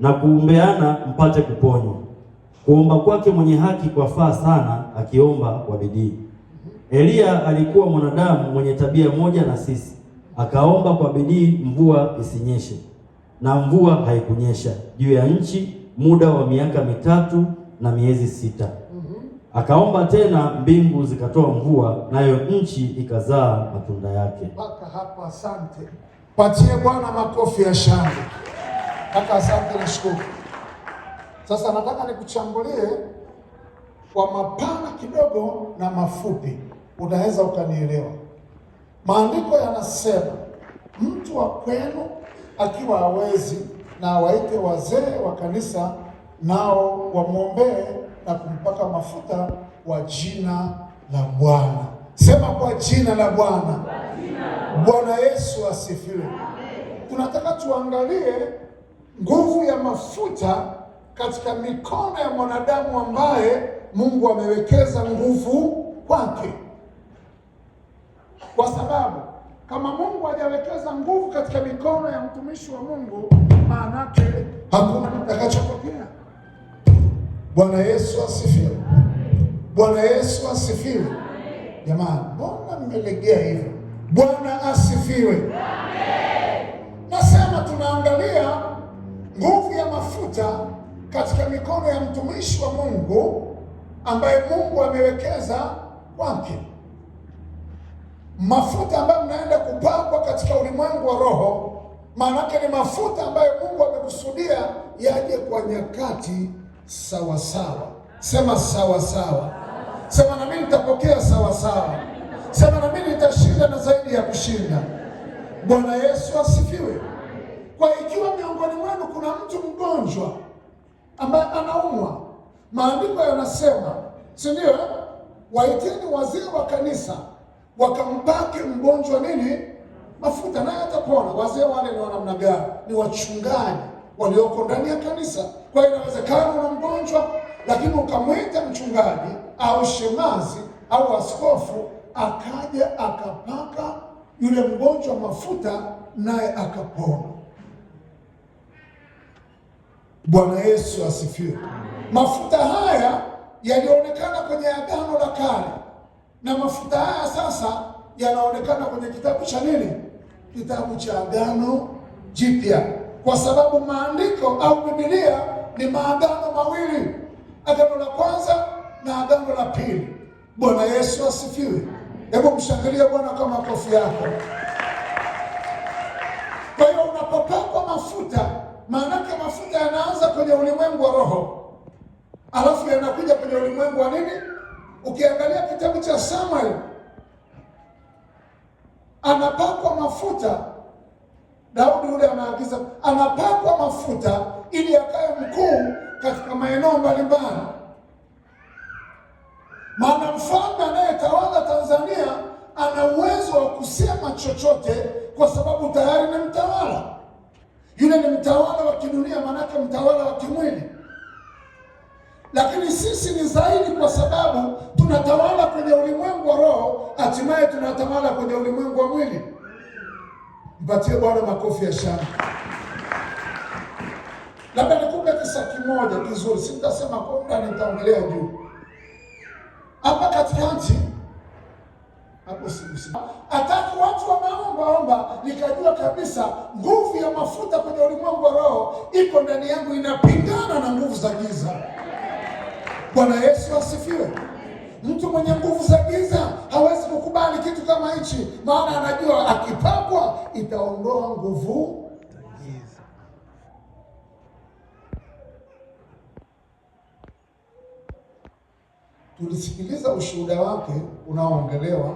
na kuombeana mpate kuponywa. Kuomba kwake mwenye haki kwa faa sana, akiomba kwa bidii. Eliya alikuwa mwanadamu mwenye tabia moja na sisi, akaomba kwa bidii mvua isinyeshe, na mvua haikunyesha juu ya nchi muda wa miaka mitatu na miezi sita. Akaomba tena, mbingu zikatoa mvua, nayo nchi ikazaa matunda yake. Mpaka hapo, asante. Patie Bwana makofi ya shangwe. Kaka, asante shukuru. Sasa nataka nikuchambulie kwa mapana kidogo na mafupi, unaweza ukanielewa. Maandiko yanasema mtu wa kwenu akiwa hawezi, na awaite wazee wa kanisa, nao wamwombee na kumpaka mafuta kwa jina la Bwana. Sema kwa jina la Bwana. Bwana Yesu asifiwe. Tunataka tuangalie nguvu ya mafuta katika mikono ya mwanadamu ambaye Mungu amewekeza nguvu kwake, kwa sababu kama Mungu hajawekeza nguvu katika mikono ya mtumishi wa Mungu, maana yake hakuna kitakachotokea. Bwana Yesu asifiwe! Bwana Yesu asifiwe! Jamani, mbona mmelegea hivyo? Bwana asifiwe! Nasema tunaangalia mafuta katika mikono ya mtumishi wa Mungu ambaye Mungu amewekeza kwake, mafuta ambayo mnaenda kupakwa katika ulimwengu wa roho. Maanake ni mafuta ambayo Mungu amekusudia yaje kwa nyakati sawasawa sawa. Sema sawasawa sawa. Sema nami nitapokea sawasawa. Sema nami nitashinda na zaidi ya kushinda. Bwana Yesu asifiwe. Kwa ikiwa miongoni mwenu kuna mtu mgonjwa ambaye anaumwa, maandiko yanasema, si ndio? Eh? Waiteni wazee wa kanisa wakampake mgonjwa nini? Mafuta, naye atapona. Wazee wale ni wa namna gani? Ni wachungaji walioko ndani ya kanisa. Kwa hiyo inawezekana una mgonjwa, lakini ukamwita mchungaji au shemazi au askofu akaja akapaka yule mgonjwa mafuta, naye akapona. Bwana Yesu asifiwe. Mafuta haya yalionekana kwenye agano la kale na mafuta haya sasa yanaonekana kwenye kitabu cha nini? Kitabu cha agano jipya, kwa sababu maandiko au Biblia ni maagano mawili, agano la kwanza na agano la pili. Bwana Yesu asifiwe. Hebu mshangilie Bwana kwa makofi yako. Kwa hiyo unapopakwa mafuta Maanake mafuta yanaanza kwenye ulimwengu wa roho, alafu yanakuja kwenye ulimwengu wa nini? Ukiangalia kitabu cha Samuel, anapakwa mafuta Daudi yule anaagiza, anapakwa mafuta ili akawe mkuu katika maeneo mbalimbali. Maana mfalme anayetawala Tanzania ana uwezo wa kusema chochote, kwa sababu tayari ni mtawala yule ni mtawala wa kidunia, maanake mtawala wa kimwili, lakini sisi ni zaidi, kwa sababu tunatawala kwenye ulimwengu wa roho, hatimaye tunatawala kwenye ulimwengu wa mwili. Mpatie Bwana makofi ya shangwe. Labda nikupe kisa kimoja kizuri, sitasema kwa muda, nitaongelea juu hapa katikati hapo msiba. Atatu watu omba, nikajua kabisa nguvu ya mafuta kwenye ulimwengu wa roho iko ndani yangu, inapingana na nguvu za giza. Bwana Yesu asifiwe. Mtu mwenye nguvu za giza hawezi kukubali kitu kama hichi, maana anajua akipakwa itaondoa nguvu Tulisikiliza ushuhuda wake unaoongelewa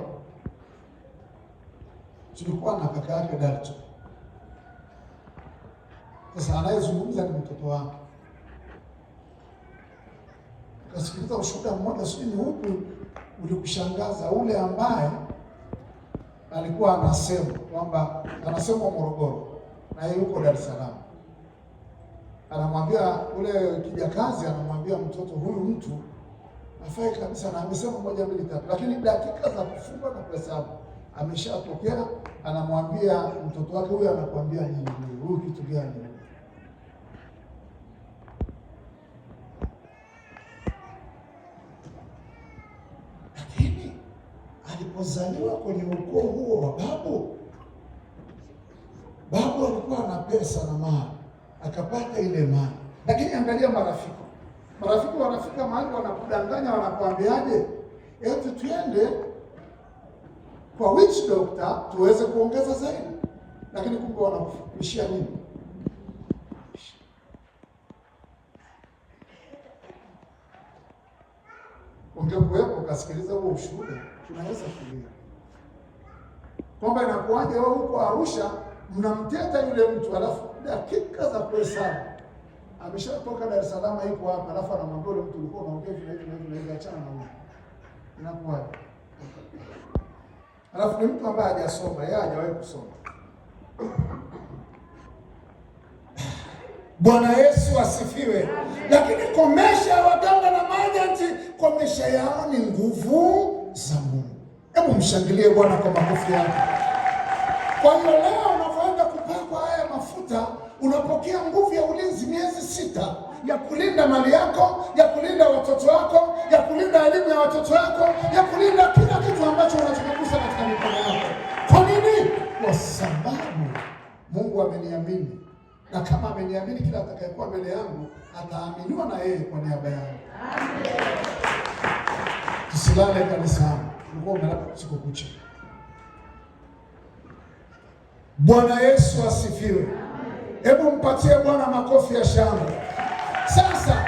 tulikuwa na kaka yake Dalto. Sasa anayezungumza ni mtoto wake. Kasikiliza ushuhuda mmoja, sijui ni upi ulikushangaza, ule ambaye alikuwa anasema kwamba anasema Morogoro na yuko Dar es Salaam, anamwambia ule kijakazi, anamwambia mtoto huyu mtu afai kabisa, na amesema moja mbili tatu, lakini dakika za kufunga na kuhesabu ameshapokea, anamwambia mtoto wake huyo, anakuambia nini huyu, kitu gani? Lakini alipozaliwa kwenye ukoo huo wa babu, babu alikuwa ana pesa na mali, akapata ile mali, lakini angalia marafiki marafiki wanafika mahali wanakudanganya, wanakuambiaje? Eti tuende kwa witch doctor tuweze kuongeza zaidi, lakini kumbe wanakufundishia nini? Ungekuwepo ukasikiliza huo ushuhuda, tunaweza kulia kwamba inakuwaje wewe huko Arusha mnamteta yule mtu, alafu dakika za kuhesabu ameshatoka Dar es Salaam, hapa, alafu anamwambia yule mtu, ulikuwa unaongea hivi achana na huyo, inakuwaje? Alafu ni mtu ambaye hajasoma, yeye hajawahi kusoma. Bwana Yesu asifiwe. Lakini komesha ya waganga na majanti, komesha yao ni nguvu za Mungu. Hebu mshangilie Bwana kwa makofi yake. Kwa hiyo leo unavyoenda kupakwa haya mafuta, unapokea nguvu ya ulinzi miezi sita ya kulinda mali yako, ya kulinda watoto wako, ya kulinda elimu ya watoto wako, ya kulinda kila kitu ambacho unachokua Mungu ameniamini, na kama ameniamini, kila atakayekuwa mbele yangu ataaminiwa na yeye kwa niaba yangu. Tusilale kanisa ulikuwa umelala usiku kucha. Bwana Yesu asifiwe. Hebu mpatie Bwana makofi ya shangwe. Sasa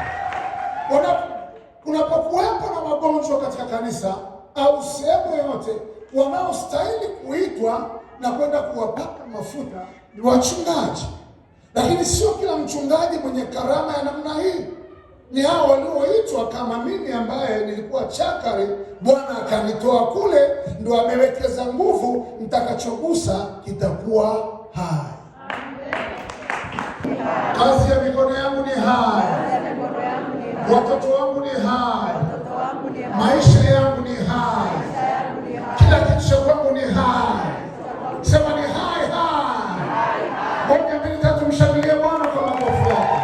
unapokuwepo na magonjwa katika kanisa au sehemu yoyote, wanaostahili kuitwa na kwenda kuwapaka mafuta ni wachungaji, lakini sio kila mchungaji mwenye karama ya namna hii. Ni hao walioitwa kama mimi, ambaye nilikuwa chakari, Bwana akanitoa kule, ndo amewekeza nguvu, nitakachogusa kitakuwa hai. Kazi ya mikono yangu ni hai, watoto wangu ni hai, maisha yangu kumshangilia Bwana kwa makofi yako.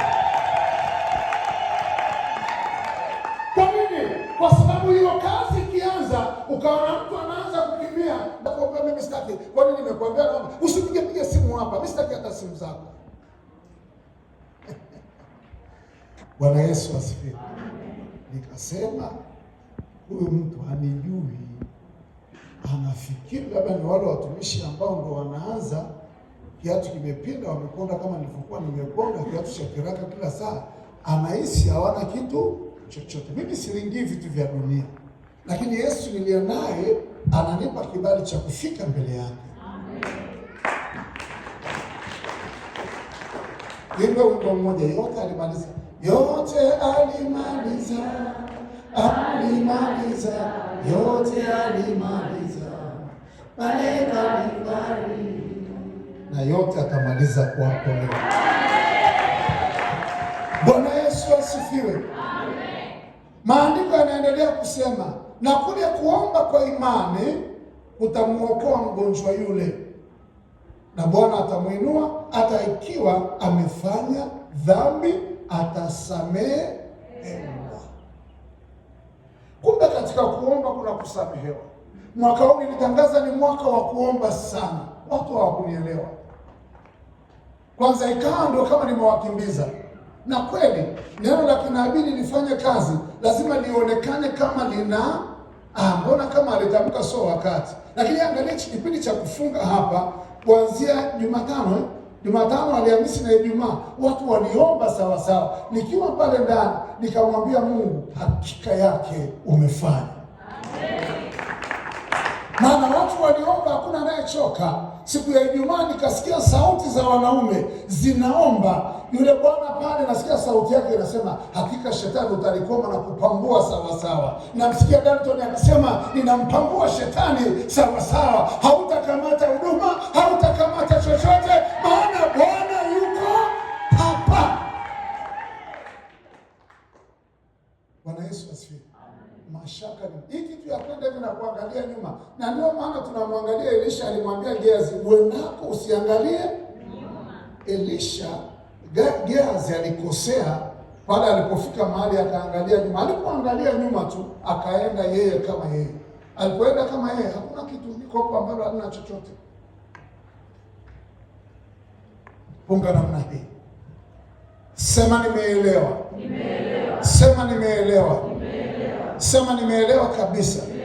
Kwa nini? Kwa sababu hiyo kazi ikianza, ukaona mtu anaanza kukimbia, nakuambia mimi sitaki. Kwa nini? Nimekuambia kwamba usipige piga simu hapa, mimi sitaki hata simu zako. Bwana Yesu asifiwe. Nikasema huyu mtu hanijui, anafikiri labda ni wale watumishi ambao ndo wanaanza kiatu kimepinda, wamekonda kama nilivyokuwa nimekonda, kiatu cha kiraka kila saa, anahisi hawana kitu chochote. Mimi siringii vitu vya dunia, lakini Yesu niliye naye ananipa kibali cha kufika mbele yake. Wimbo wimbo mmoja, yote alimaliza, yote alimaliza, alimaliza, yote alimaliza, malaika alifariki na yote atamaliza kwako leo. Bwana Yesu asifiwe. Maandiko yanaendelea kusema, na kule kuomba kwa imani utamuokoa mgonjwa yule, na Bwana atamwinua, hata ikiwa amefanya dhambi atasamehe. Kumbe katika kuomba kuna kusamehewa. Mwaka huu nilitangaza ni mwaka wa kuomba sana, watu hawakunielewa kwanza ikawa ndio kama nimewakimbiza. Na kweli neno la kinabii lilifanya kazi, lazima lionekane kama lina ah, mbona kama alitamka so wakati. Lakini angalia kipindi cha kufunga hapa kuanzia Jumatano, eh, Jumatano, Alhamisi na Ijumaa, watu waliomba sawasawa. Nikiwa pale ndani nikamwambia Mungu, hakika yake umefanya maana watu walioomba hakuna anayechoka. Siku ya Ijumaa nikasikia sauti za wanaume zinaomba. Yule bwana pale, nasikia sauti yake inasema, hakika shetani utalikoma na kupambua sawasawa. Namsikia Dalton akisema, ninampambua shetani sawasawa, hautakamata huduma, hautakamata chochote maana na kuangalia nyuma, na ndio maana tunamwangalia Elisha. Alimwambia Gehazi, uendako usiangalie nyuma. Elisha Gehazi alikosea pale alipofika mahali akaangalia nyuma. Alipoangalia nyuma tu akaenda yeye kama yeye, alipoenda kama yeye, hakuna kitu niko hapo ambalo halina chochote. Punga namna hii, sema nimeelewa, nimeelewa. Sema nimeelewa, nimeelewa. Sema nimeelewa kabisa.